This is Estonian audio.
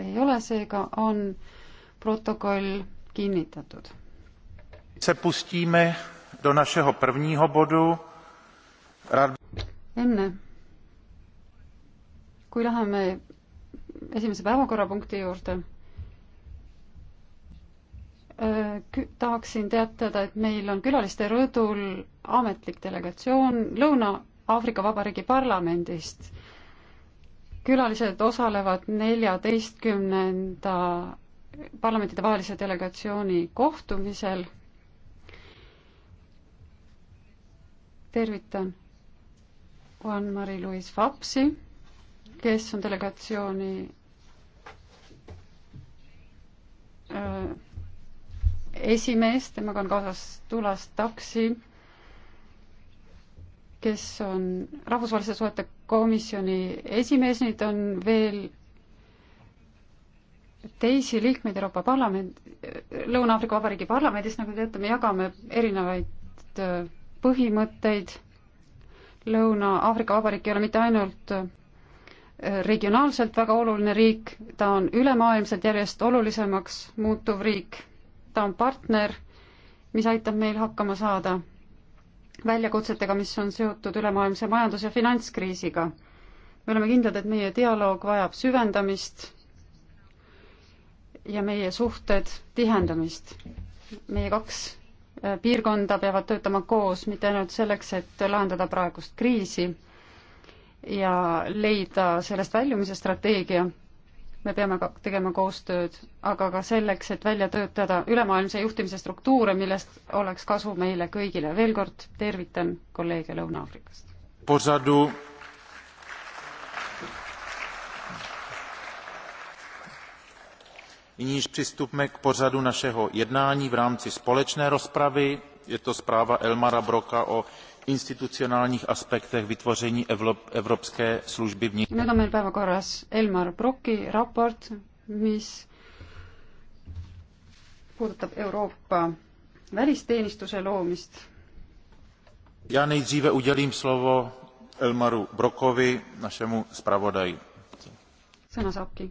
ei ole, seega on protokoll kinnitatud. enne kui läheme esimese päevakorrapunkti juurde, äh, tahaksin teatada, et meil on külaliste rõdul ametlik delegatsioon Lõuna-Aafrika Vabariigi parlamendist külalised osalevad neljateistkümnenda parlamentidevahelise delegatsiooni kohtumisel. tervitan Juan-Marie-Louis Vapsi, kes on delegatsiooni äh, esimees, temaga on kaasas Tulas Taksi kes on Rahvusvaheliste Suhete Komisjoni esimees, nüüd on veel teisi liikmeid Euroopa Parlament, Lõuna-Aafrika Vabariigi Parlamendis, nagu teate, me jagame erinevaid äh, põhimõtteid, Lõuna-Aafrika Vabariik ei ole mitte ainult äh, regionaalselt väga oluline riik, ta on ülemaailmselt järjest olulisemaks muutuv riik, ta on partner, mis aitab meil hakkama saada väljakutsetega, mis on seotud ülemaailmse majandus- ja finantskriisiga. me oleme kindlad, et meie dialoog vajab süvendamist ja meie suhted tihendamist. meie kaks äh, piirkonda peavad töötama koos, mitte ainult selleks, et lahendada praegust kriisi ja leida sellest väljumise strateegia me peame ka tegema koostööd, aga ka selleks, et välja töötada ülemaailmse juhtimise struktuure, millest oleks kasu meile kõigile. veel kord tervitan kolleege Lõuna-Aafrikast. posadu. Nyní přistupme k pořadu našeho jednání v rámci společné rozpravy je to zpráva elmara broka o institucionálních aspektech vytvoření evropské služby vní- nüüd on meil päevakorras Elmar Broki raport, mis puudutab Euroopa välisteenistuse loomist. ja nejdříve udělím slovo Elmaru Brokovi, našemu zpravodaji. sõna saabki